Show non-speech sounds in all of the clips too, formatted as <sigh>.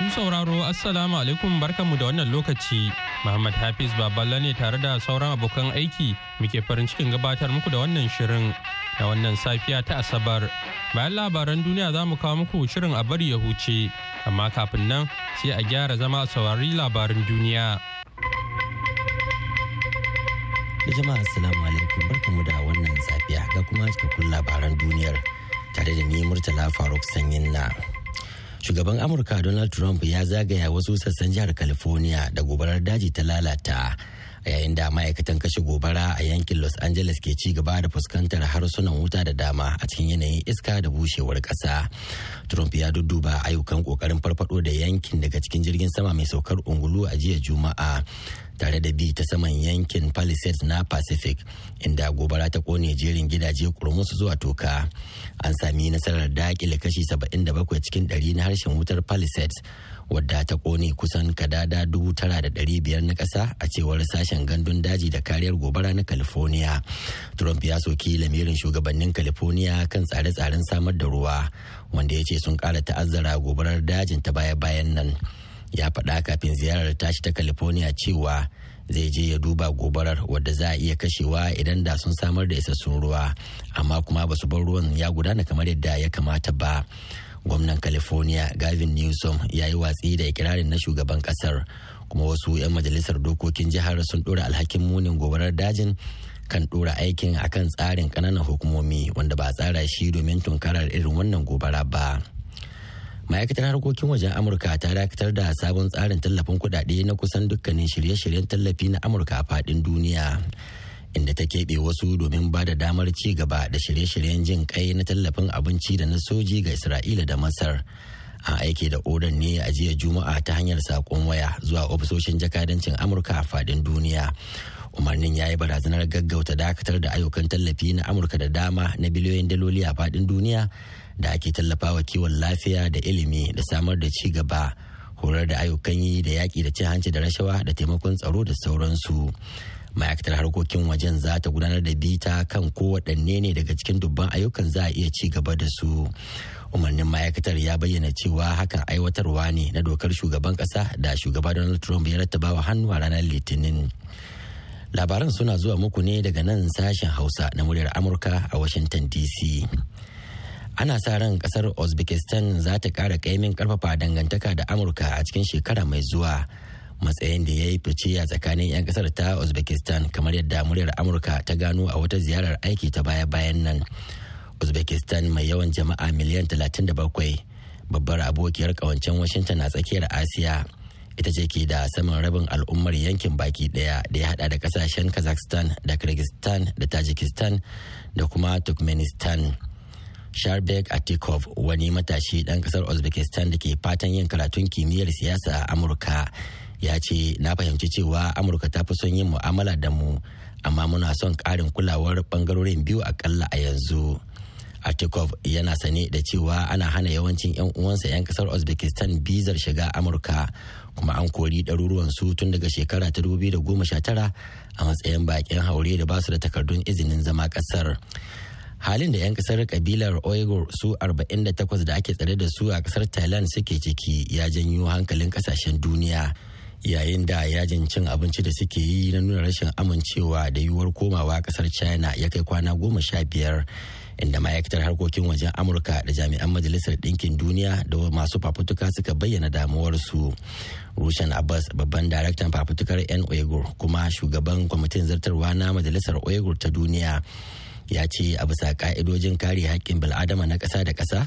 Masu sauraro Assalamu alaikum barkanmu da wannan lokaci. Muhammad Hafiz Baballa ne tare da sauran abokan aiki muke farin cikin gabatar muku da wannan shirin da wannan safiya ta Asabar. Bayan labaran duniya za mu kawo muku shirin a bari ya huce, amma kafin nan sai a gyara zama a saurari labarin duniya. Jama'a Assalamu alaikum barkanmu da wannan safiya ga kuma cikakkun labaran duniyar tare da ni Murtala Faruk Sanyin na. shugaban amurka donald trump ya zagaya wasu sassan jihar california da gobarar daji ta lalata a yayin da ma'aikatan kashe gobara a yankin los angeles ke ci gaba da fuskantar harsunan wuta da dama a cikin yanayin iska da bushewar ƙasa trump ya dudduba ayyukan ƙoƙarin farfado da yankin daga cikin jirgin sama mai saukar ungulu a jiya juma'a tare da bi ta saman yankin palisades na pacific inda gobara ta kone jerin gidaje kurmusu zuwa toka an sami nasarar dakile kashi 77 cikin 100 na harshen wutar palisades wadda ta kone kusan kadada dubu tara da ɗari biyar na ƙasa a cewar sashen gandun daji da kariyar gobara na california trump ya soki lamirin shugabannin california kan tsare-tsaren samar da ruwa wanda ya ce sun ƙara ta'azzara gobarar dajin ta baya-bayan nan ya faɗa kafin ziyarar tashi ta california cewa zai je ya duba gobarar wadda za a iya kashewa idan da sun samar da isassun ruwa amma kuma ba su bar ruwan ya gudana kamar yadda ya kamata ba gwamnan california gavin newsom ya yi watsi da ikirarin na shugaban kasar kuma wasu 'yan majalisar dokokin jihar sun dora alhakin munin gobarar dajin kan dora aikin akan tsarin kananan hukumomi wanda ba tsara shi domin tunkarar irin wannan gobara ba. ma'aikatar harkokin wajen amurka ta dakatar da sabon tsarin tallafin kudade na kusan dukkanin shirye-shiryen tallafi na amurka a fadin duniya inda ta keɓe wasu domin ba da damar ci gaba da shirye-shiryen jin kai na tallafin abinci da na soji ga isra'ila da masar an aike da odan ne a jiya juma'a ta hanyar saƙon waya zuwa ofisoshin jakadancin amurka a fadin duniya umarnin ya yi barazanar gaggauta dakatar da ayyukan tallafi na amurka da dama na biliyoyin daloli a fadin duniya da ake tallafawa kiwon lafiya da ilimi da samar da ci gaba horar da ayyukan yi da yaƙi da cin hanci da rashawa da taimakon tsaro da sauransu ma'aikatar harkokin wajen za ta gudanar da bita kan kowaɗanne ne daga cikin dubban ayyukan za a iya ci gaba da su umarnin ma'aikatar ya bayyana cewa hakan aiwatarwa ne na dokar shugaban ƙasa da shugaba donald trump ya rattabawa hannu a ranar litinin labaran suna zuwa muku ne daga nan sashen hausa na muryar amurka a washington dc ana sa ran kasar uzbekistan za ta kara kaimin karfafa dangantaka da amurka a cikin shekara mai zuwa matsayin da ya yi fice a tsakanin 'yan kasar ta uzbekistan kamar yadda muryar amurka ta gano a wata ziyarar aiki ta baya-bayan nan uzbekistan mai yawan jama'a miliyan 37 babbar abokiyar kawancen washington na tsakiyar asiya ita ce ke da saman rabin al'ummar yankin baki daya da ya hada da kasashen kazakhstan da kyrgyzstan da tajikistan da kuma turkmenistan Sharbek Atikov wani matashi ɗan ƙasar Uzbekistan da ke fatan yin karatun kimiyyar siyasa a Amurka ya ce na fahimci cewa Amurka ta fi son yin mu'amala da mu amma muna son ƙarin kulawar ɓangarorin biyu akalla a yanzu. Atikov yana sane da cewa ana hana yawancin 'yan uwansa 'yan ƙasar Uzbekistan bizar shiga Amurka kuma an kori ɗaruruwan su tun daga shekara ta 2019 a matsayin baƙin haure da basu da takardun izinin zama ƙasar. halin da 'yan kasar kabilar oigur su 48 da ake tsare da su a kasar thailand suke ciki ya janyo hankalin kasashen duniya yayin da yajin cin abinci da suke yi na nuna rashin amincewa da yiwuwar komawa kasar china ya kai kwana goma sha biyar inda ma'aikatar harkokin wajen amurka da jami'an majalisar ɗinkin duniya da masu fafutuka suka bayyana damuwarsu rushen abbas babban daraktan fafutukar yan oigur kuma shugaban kwamitin zartarwa na majalisar oigur ta duniya ya ce a bisa ka'idojin kare haƙƙin bil'adama na ƙasa da ƙasa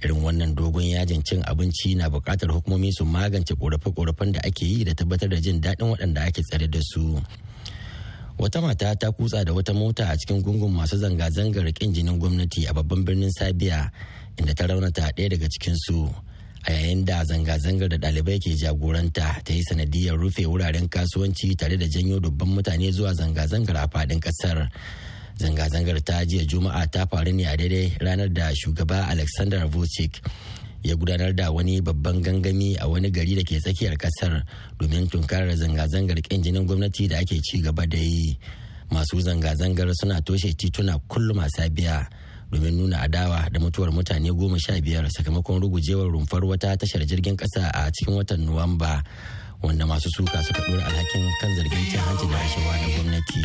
irin wannan dogon yajin cin abinci na buƙatar hukumomi su magance ƙorafe-ƙorafen da ake yi da tabbatar da jin daɗin waɗanda ake tsare da su wata mata ta kutsa da wata mota a cikin gungun masu zanga-zangar ƙin jinin gwamnati a babban birnin sabiya inda ta raunata ɗaya daga cikin su a yayin da zanga-zangar da ɗalibai ke jagoranta ta yi sanadiyar rufe wuraren kasuwanci tare da janyo dubban mutane zuwa zanga-zangar a faɗin ƙasar zanga-zangar ta jiya juma'a ta faru ne a daidai ranar da shugaba alexander vucic ya gudanar da wani babban gangami a wani gari da ke tsakiyar kasar domin tunkarar zanga-zangar kin jinin gwamnati da ake ci gaba da yi masu zanga-zangar suna toshe tituna kullum a sabiya domin nuna adawa da mutuwar mutane goma sha biyar sakamakon rugujewar rumfar wata tashar jirgin kasa a cikin watan nuwamba wanda masu suka suka dora alhakin kan zargin cin hanci da rashawa na gwamnati.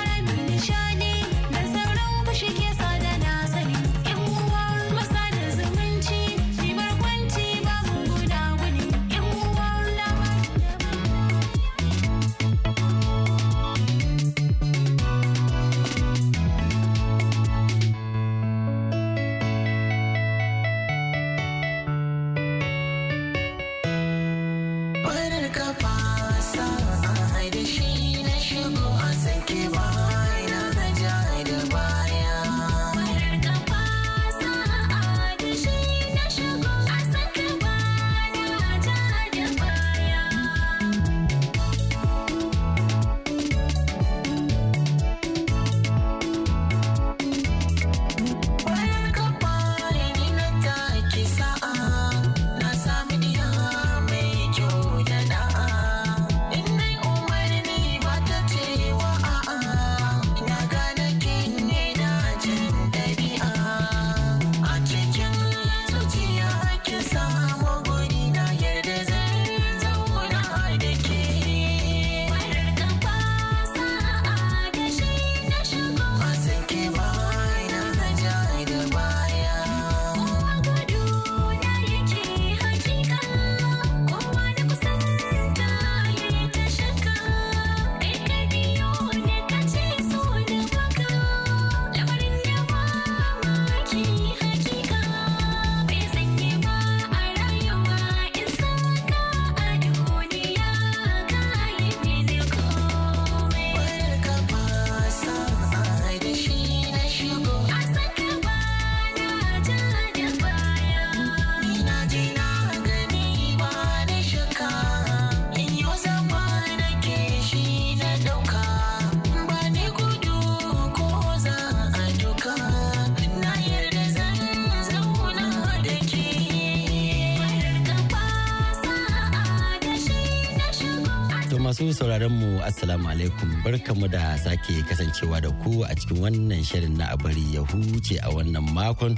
masu sauraron mu assalamu alaikum barkamu da sake kasancewa da ku a cikin wannan shirin na abari ya huce a wannan makon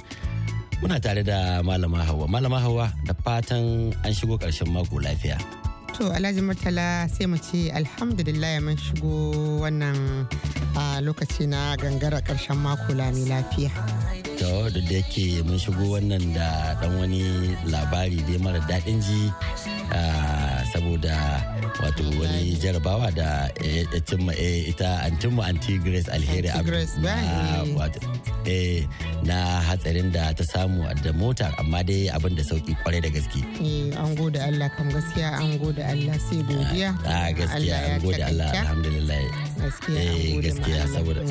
muna tare da malama hawa malama hawa da fatan an shigo karshen mako lafiya to alhaji murtala sai mu ce alhamdulillah mun shigo wannan lokaci na gangara karshen mako lami lafiya to da yake mun shigo wannan da dan wani labari dai mara daɗin ji saboda wato wani jarabawa da ya eh, cimma eh, ita antinmu anti grace alheri eh, na hatsarin da ta samu da mota amma dai abin da sauki kwarai da gaske an gode allah kam gaskiya an gode allah sai godiya a ah, ah, gaskiya an gode allah alhamdulillah gaskiya saboda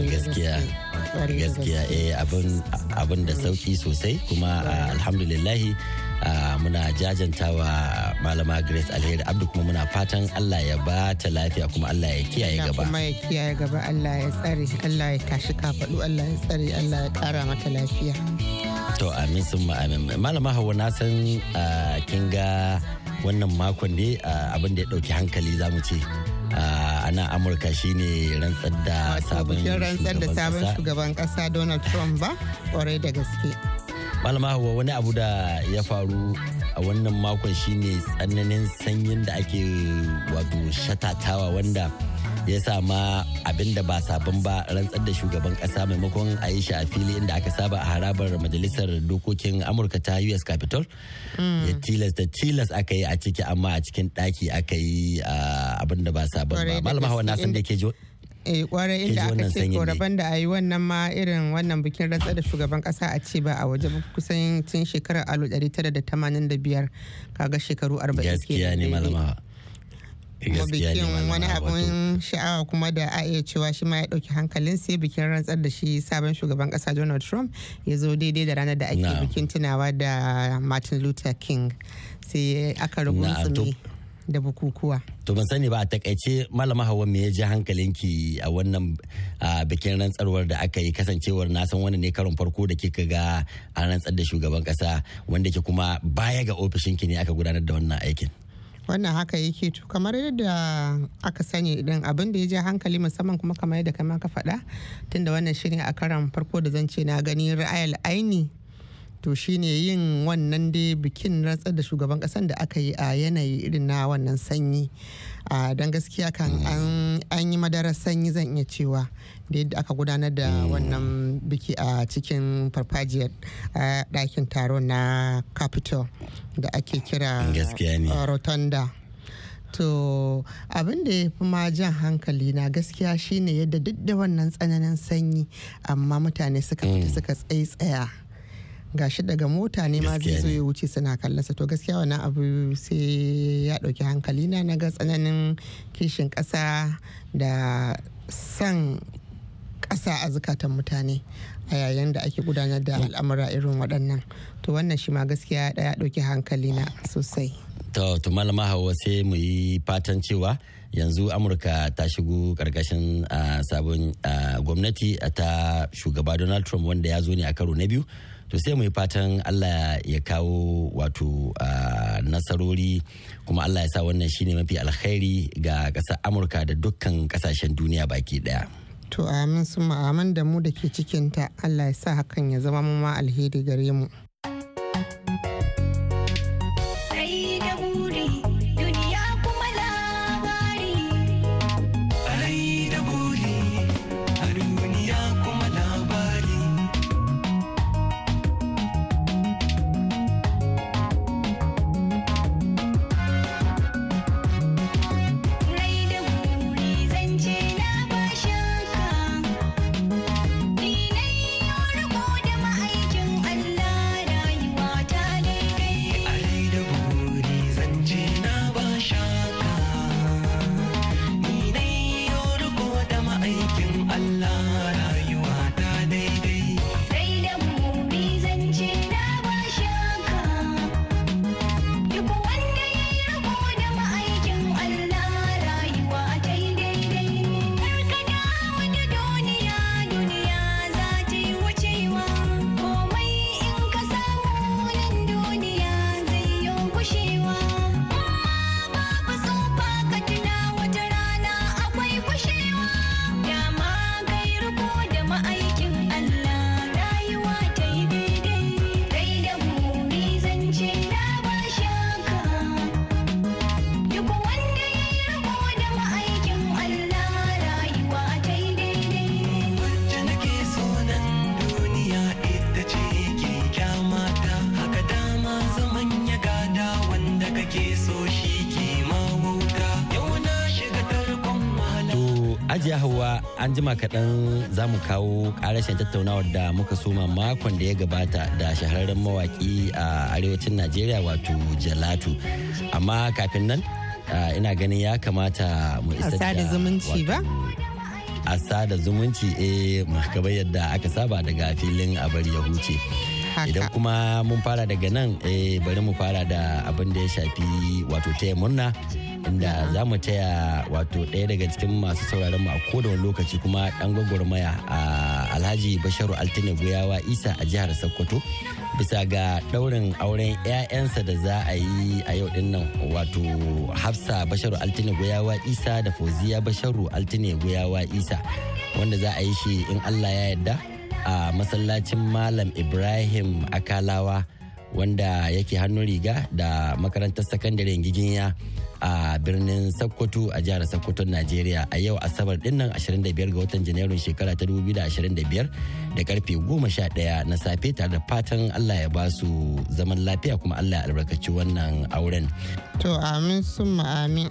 gaskiya gaskiya abin da sauki sosai kuma ah, alhamdulillahi Ah, muna jajantawa malama grace alheri abdu kuma muna fatan allah ya ba ta lafiya kuma allah ya kiyaye gaba kuma ya kiyaye gaba allah ya tsare allah ya tashi kafaɗu allah ya tsare allah ya ƙara mata lafiya to amin sun amin malama hawa na san ah, kin ga wannan makon ne ah, abin da ya ɗauki hankali za mu ce a nan amurka shine rantsar da sabon shugaban kasa donald trump ba kwarai da gaske malama hawa wani abu da ya faru a wannan makon shine tsananin sanyin da ake wato shatatawa wanda ya sama abin da ba sabon ba rantsar da shugaban kasa maimakon a yi shi a fili inda aka saba a harabar majalisar dokokin amurka ta us capitol mm. ya tilas da tilas aka yi a ciki amma a cikin daki aka yi ah, abin da ba sabon ba malama hawa na san da ke eh kwarai inda aka ce koraban da a yi wannan ma irin wannan bikin rantsar da shugaban kasa a ce ba a waje kusan tun shekarar 1985 kaga shekaru 40 ke ne malama bikin wani abin sha'awa kuma da a iya cewa shi ma ya ɗauki hankalin sai bikin rantsar da shi sabon shugaban kasa donald trump ya zo daidai da ranar da ake bikin tunawa da martin luther king sai aka rubuta da bukukuwa. To ban sani ba a takaice malama hawa me ya ji hankalinki a wannan bikin rantsarwar da aka yi kasancewar na san wani ne karon farko da kika ga a rantsar da shugaban kasa wanda ke kuma baya ga ofishinki ne aka gudanar da wannan aikin. wannan haka yake to kamar yadda aka sani idan abin da ya ji hankali musamman kuma kamar yadda kama ka faɗa tunda wannan shirin a karan farko da zan ce na gani ra'ayal aini to shine yin wannan dai bikin rantsar da shugaban kasan da aka yi a yanayi irin na wannan sanyi don gaskiya kan an yi madarar sanyi zan iya cewa da yadda aka gudanar da wannan biki a cikin farfajiyar ɗakin taro na capitol da ake kira rotunda to abin da ya fi ma jan hankali na gaskiya shine yadda duk da wannan tsananin sanyi amma mutane suka fita mm. suka tsaya gashi daga mota ne ma zai zo ya wuce suna kallasa to gaskiya wani abu sai ya dauki hankali na na ga tsananin kishin kasa da san kasa a zukatan mutane a yayin da ake gudanar da al'amura irin waɗannan to wannan shi ma gaskiya ɗaya ɗauki hankali na sosai to to malama hawa sai mu yi fatan cewa yanzu amurka ta shigo karkashin ah, sabon ah, gwamnati ta shugaba donald trump wanda ya zo ne a karo na biyu to sai mu yi fatan Allah ya kawo wato nasarori kuma Allah ya sa wannan shine mafi alkhairi ga ƙasar Amurka da dukkan ƙasashen duniya baki daya. To amin sun amin da mu da ke cikinta Allah ya sa hakan ya zama mu ma alheri gare mu. an jima kaɗan za mu kawo ƙarashin tattaunawar da muka soma makon da ya gabata da shahararren mawaƙi a arewacin najeriya wato jalatu amma kafin nan ina ganin ya kamata mu isa da zumunci ba a sada zumunci eh kamar yadda aka saba daga filin a bari ya huce idan kuma mun fara daga nan eh bari mu fara da abin da ya shafi wato taya murna da za mu taya wato ɗaya daga cikin masu sauraron mu a kodon lokaci kuma ɗan gwagwarmaya a alhaji basharu altine guyawa isa a jihar sokoto bisa ga ɗaurin auren 'ya'yansa da za a yi a yau ɗin nan wato hafsa basharu altine guyawa isa da fauziya basharu altine guyawa isa wanda za a yi shi in allah ya yarda a masallacin malam ibrahim akalawa wanda yake hannun riga da makarantar sakandare giginya a birnin Sokoto a jihar Sokoto Najeriya a yau Asabar dinnan 25 ga watan Janairun shekara ta 2025 da karfe 11 na safe tare da fatan Allah ya ba su zaman lafiya kuma Allah ya albarkaci wannan auren. To amin sun amin.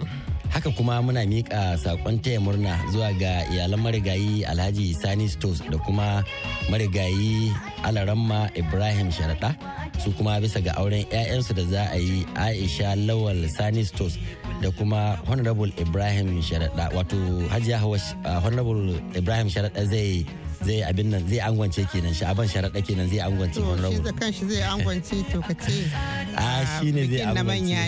haka kuma muna miƙa saƙon taya murna zuwa ga iyalan marigayi alhaji sani stos da kuma marigayi alaramma ibrahim sharaɗa su kuma bisa ga auren 'ya'yansu da za a yi aisha lawal sani stos da kuma honorable ibrahim sharaɗa wato hajiya hawa uh, honorable ibrahim sharaɗa zai zai abin nan zai angwance kenan shi aban sharaɗa kenan zai angwance honorable shi da kanshi zai angwance to kace a ah, ah, shi ne zai angwance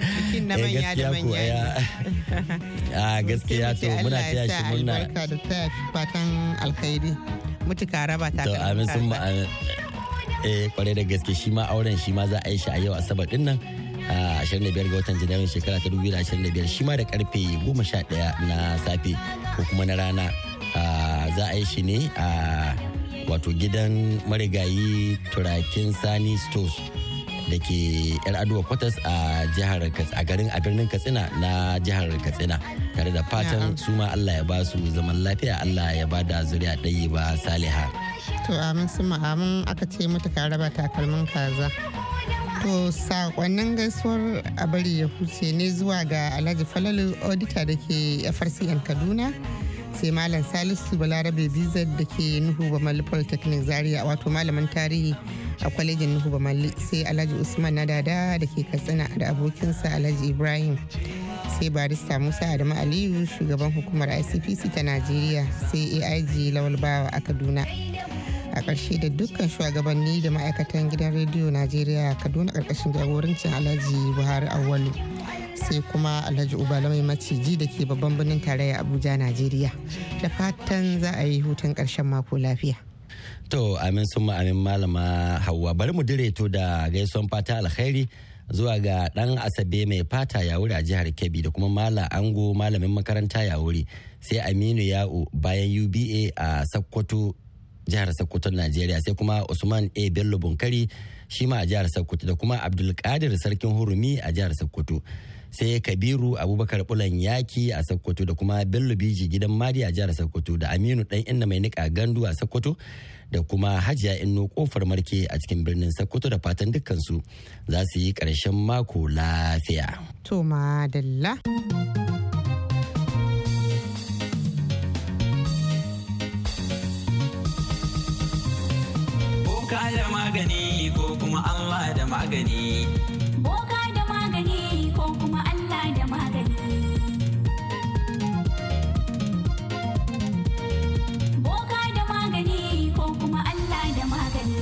bikin na <laughs> eh, manya da manya ne. a ah, gaskiya to muna taya shi murna da taya fatan alkhairi mutuka raba ta to amin sun ma eh kwarai da gaske shi ma auren shi ma za a yi shi a yau asabar din nan 25 ga watan janairun shekara ta 2025 shi ma da karfe 11 na safe ko kuma na rana za a yi shi ne a wato gidan marigayi turakin sani stores da ke yar aduwa kwatas a jihar a garin a birnin katsina na jihar katsina tare da fatan su ma allah ya ba su zaman lafiya allah ya ba da zuriya ɗaya ba saliha to amin su amin aka ce mata ka raba takalmin kaza To sakonnin gaisuwar a bari ya huce ne zuwa ga Alhaji Falalu audita da ke FRCN Kaduna. sai malam salisu balarabe bizar da ke nuhu bamalli polytechnic zaria wato malamin tarihi a kwalejin nuhu sai alhaji usman na dada da ke katsina da abokinsa alhaji ibrahim sai barista musa adamu aliyu shugaban hukumar icpc ta najeriya sai aig lawal bawa a kaduna a ƙarshe da dukkan shugabanni da ma'aikatan gidan rediyo najeriya kaduna ƙarƙashin jagorancin alhaji buhari auwalu sai kuma alhaji ubala mai maciji da ke babban birnin tarayya abuja najeriya da fatan za a yi hutun ƙarshen mako lafiya to amin sun amin malama hawa bari mu direto da gaisuwan fata alkhairi zuwa ga dan asabe mai fata ya wuri a jihar kebbi da kuma mala ango malamin makaranta ya wuri sai aminu ya'u bayan uba a sakkwato jihar Sokoto Najeriya sai kuma Usman A Bello Bunkari shi ma a jihar Sokoto da kuma Abdulkadir Sarkin Hurumi a jihar Sokoto. sai kabiru abubakar bulan yaki a sokoto da kuma bello biji gidan madi a jihar sokoto da aminu dan inna mai nika gandu a sokoto da kuma hajiya inno kofar marke a cikin birnin sokoto da fatan dukkansu za su yi karshen mako lafiya to madalla boka da magani ko kuma Allah da magani boka da magani ko kuma Allah da magani boka da magani ko kuma Allah da magani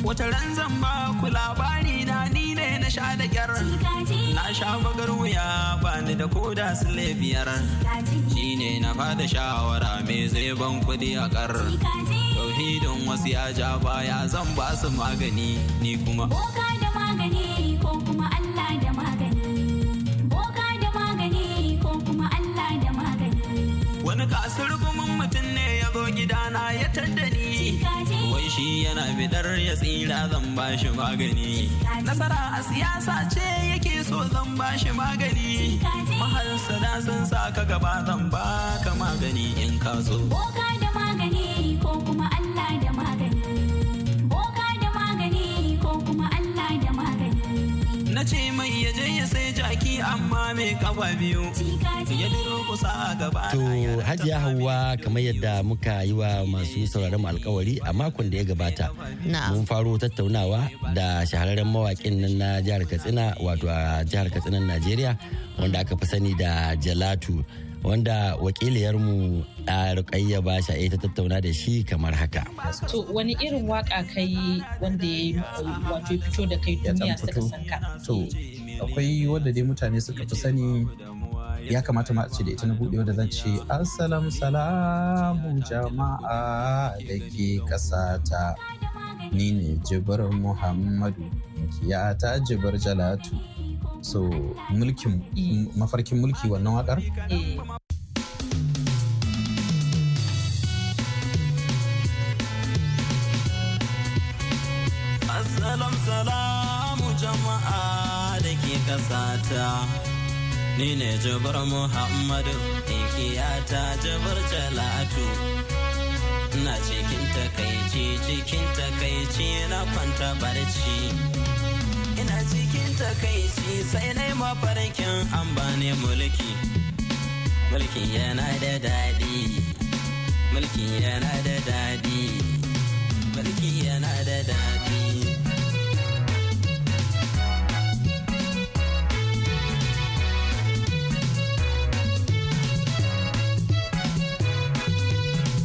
wata ran zan ba ku labari na ni ne na sha da kyar na sha bagar wuya ba ni da koda su lebiyar. biyar ne na fada shawara me zai ban kudi a kar tafi don wasu ya ja baya zan ba su magani ni kuma boka da magani ko kuma Allah da magani boka da magani ko kuma Allah da magani wani kasar gumin mutum ne ya zo gidana ya tadda ni wai shi yana bidar ya tsira zan ba shi magani nasara a siyasa ce yake so zan ba shi magani mahal sada sun sa ka gaba zan ba ka magani in ka so boka ce mai ya je ya sai jaki amma mai kafa biyu ya duro kusa a gaba to hajiya hawa kamar yadda muka yi wa masu sauraron mu alkawari a makon da ya gabata mun faro tattaunawa da shahararren mawakin nan na jihar katsina wato a jihar katsinan najeriya wanda aka fi sani da jalatu wanda wakiliyarmu a rukayya ba sha eh, ta tattauna da shi kamar haka. To wani irin waka kai wanda ya wato fito da kai duniya suka sanka. To akwai wanda dai mutane suka fi sani ya kamata ma a ce da ita na buɗe wanda zan ce assalamu salamu jama'a da ke kasata ni ne jibar muhammadu ya ta jibar jalatu so mulkin mafarkin mulki wannan wakar eh. Assalam salamu jama'a da ke kasata ni ne jabar Muhammadu ikiyata jabar Jalatu ina cikin takaici cikin takaici na kwanta barci ta kai shi sai na mafarkin an bani mulki mulki yana da daɗi mulki yana da daɗi mulki yana da daɗi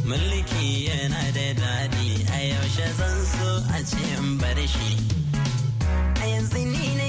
mulki yana da daɗi a yaushe zan so a ce in bar shi a yanzu ni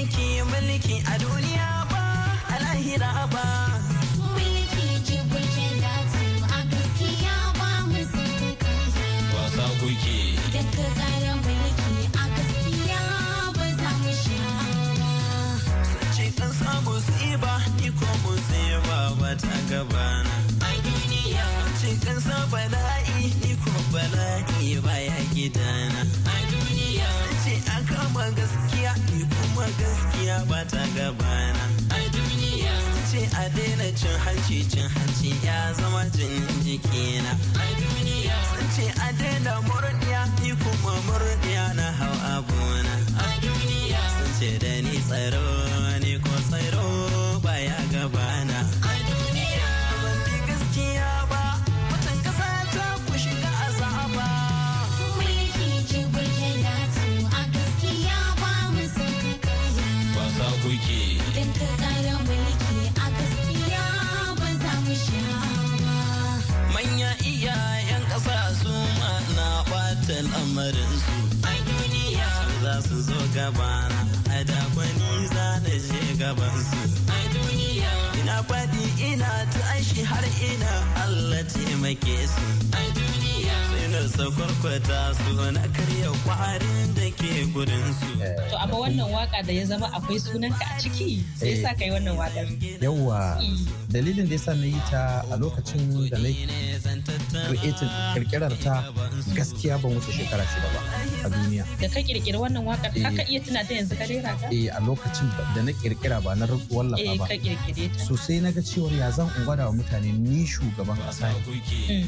gaba na a dakwani za na je gaban su a duniya ina faɗi ina tashi har ina Allah taimake su a duniya sinarsa kwarkwata su na karya kwarin da ke gudun su to amma wannan waka da ya zama akwai sunanka a ciki sai eh. sa kai wannan wakar yawwa hmm. dalilin da ya na yi ta a lokacin da na creating kirkirar ta gaskiya ban wuce shekara shida ba a duniya da ka kirkiri wannan wakar eh. haka iya tuna da yanzu ka rera ta eh a lokacin da na kirkira ba na wallafa eh, ba sosai na ga cewa ya zan gwada wa mutane ni shugaban kasa mm.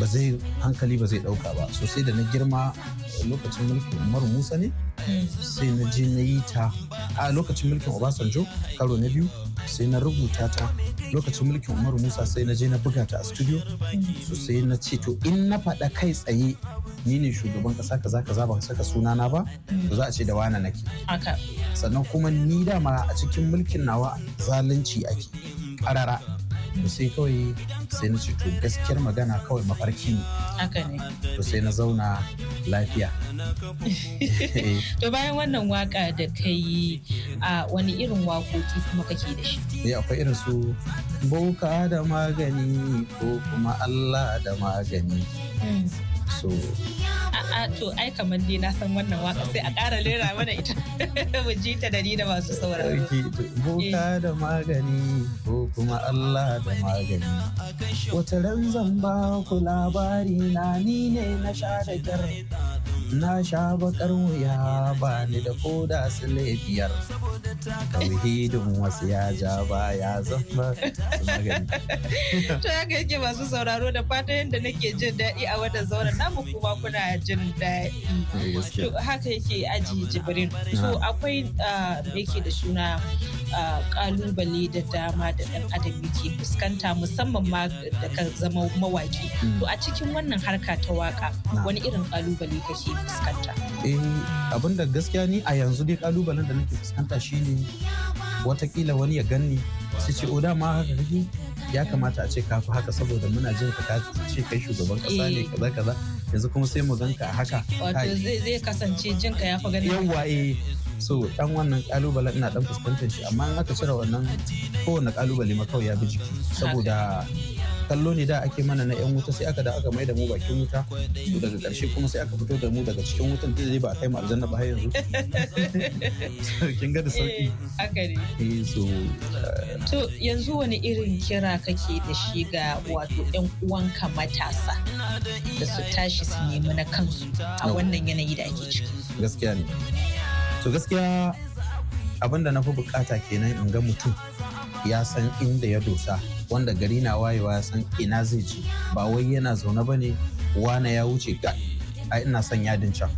ba zai hankali ba zai dauka ba sosai da na girma lokacin mulkin Umaru Musa ne mm. sai na je na yi ta a lokacin mulkin Obasanjo karo na biyu sai na rubuta ta lokacin mulkin umaru musa sai na je na buga ta a studio so sai na ce to in na faɗa kai tsaye ni ne shugaban ƙasa kaza kaza ka saka sunana ba to za a ce da wana nake sannan kuma ni dama a cikin mulkin nawa zalunci ake ƙarara to sai kawai sai na to gaskiyar magana kawai mafarki ne haka to sai na zauna lafiya <laughs> to bayan wannan waka da ka a wani irin wakoki kuma kake da shi eh, akwai irin su boka da magani ko kuma Allah da magani hmm. so a'a to ai kamar dai na san wannan waka sai a ƙara lera mana ita <laughs> mu ji ta da ni da masu sauraro boka eh. da magani ko kuma Allah da magani wata ran zan ba ku labari na ni ne na sha da na sha bakar wuya ba ni da koda su biyar tauhidin wasu ya ja ba ya zama <laughs> to ya yake masu sauraro da fata yadda nake jin daɗi a wannan na mu kuma kuna jin daɗi eh, haka yake aji jibrin to akwai ah, me ke da suna kalubale da dama da dan adam yake fuskanta musamman ma da zama mawaki hmm. to a cikin wannan harka ta waka wani irin kalubale kake fuskanta eh abinda gaskiya ni a yanzu dai kalubalen da nake fuskanta shine watakila wani ya ganni su ce o dama haka kake ya kamata a ce ka fi haka saboda muna jin ka ka ce kai shugaban kasa ne eh. kaza kaza yanzu kuma sai mu ganka a haka wato zai kasance jinka ya fi ganin yawa eh so dan wannan kalubale ina dan fuskantar shi amma in aka cire wannan kowane kalubale ma kawai ya bi jiki saboda kallo ne da ake mana na 'yan wuta sai aka da aka mai da mu bakin wuta to daga karshe kuma sai aka fito da mu daga cikin wutan da zai ba a kai mu aljanna ba yanzu <laughs> kin ga da sauki eh, aka ne eh, so eh. to yanzu wani irin kira kake da shi ga wato 'yan uwanka matasa da su tashi su nemi na kansu a wannan yanayi da ake ciki gaskiya ne to gaskiya abin da na fi bukata kenan in ga mutum ya san inda ya dosa wanda gari na wayewa ya san ina zai je ba wai yana zaune ba ne wane ya wuce ga a ina son yadin can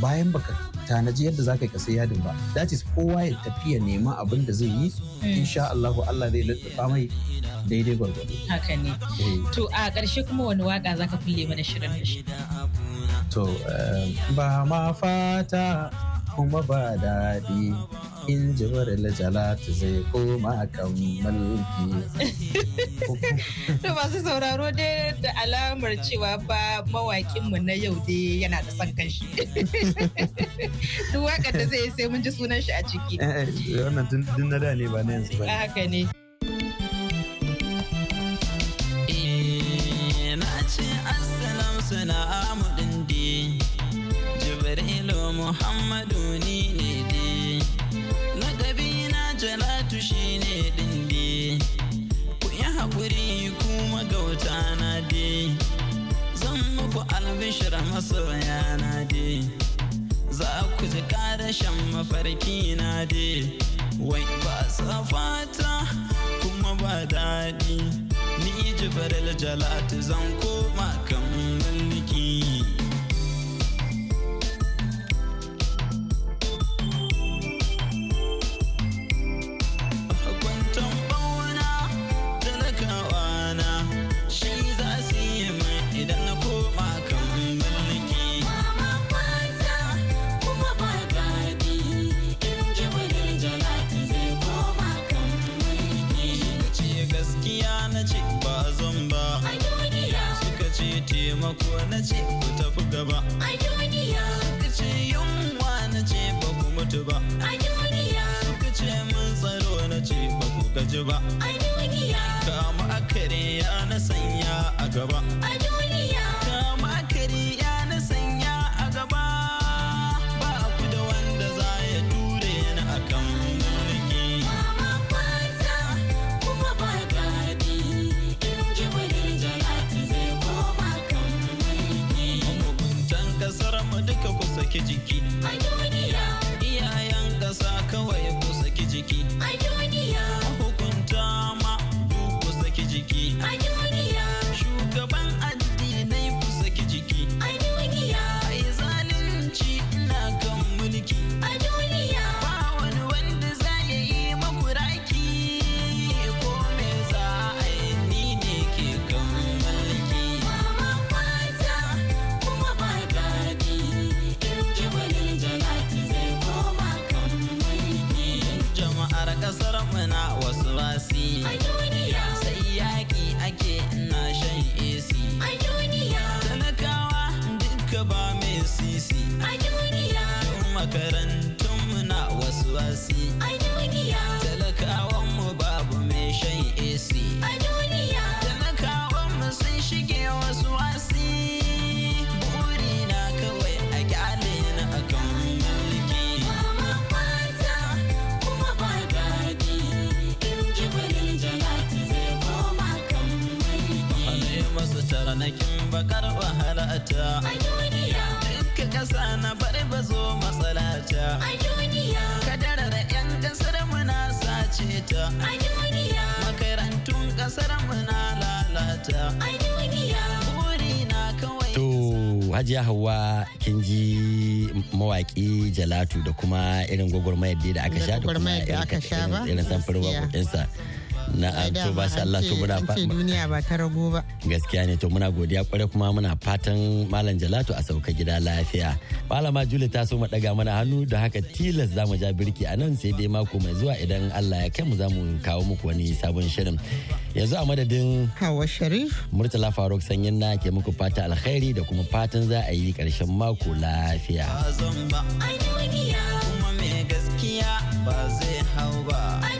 bayan baka tanaji yadda za ka kasai yadin ba that is kowa ya tafiya ya nema abin da zai yi hmm. insha Allah Allah zai lallufa mai daidai gwargwado haka ne eh. to a ƙarshe kuma wani waka zaka kulle mana shirin da to eh, ba ma fata kuma ba daɗi in ji da jalatu zai koma kan mulki. <laughs> To masu sauraro dai da alamar cewa ba mawakinmu na yau dai yana da son kanshi. <laughs> Duk waƙar da zai sai mun ji sunan shi a ciki. Eh, eh, wannan tun na da ne ba na yanzu ba. Haka ne. bishira masoya na de za ku ji karashen mafarki na de wai ba safata kuma ba daɗi ni jibril jalatu zan de I hajiya hawa kin ji mawaki jalatu da kuma irin gwagwarmayar da aka sha da kuma irin samfurin waƙoƙinsa na'am to ba shi Allah to muna fa duniya ba ta rago ba gaskiya ne to muna godiya kware kuma muna fatan malam Jalatu a sauka gida lafiya malama juli ta so mu daga mana hannu da haka tilas zamu ja birki a nan sai dai mako mai zuwa idan Allah ya kai mu zamu kawo muku wani sabon shirin yanzu a madadin Hawa Sharif Murtala Faruk sanyin na ke muku fata alkhairi da kuma fatan za a yi karshen mako lafiya ba zai hau ba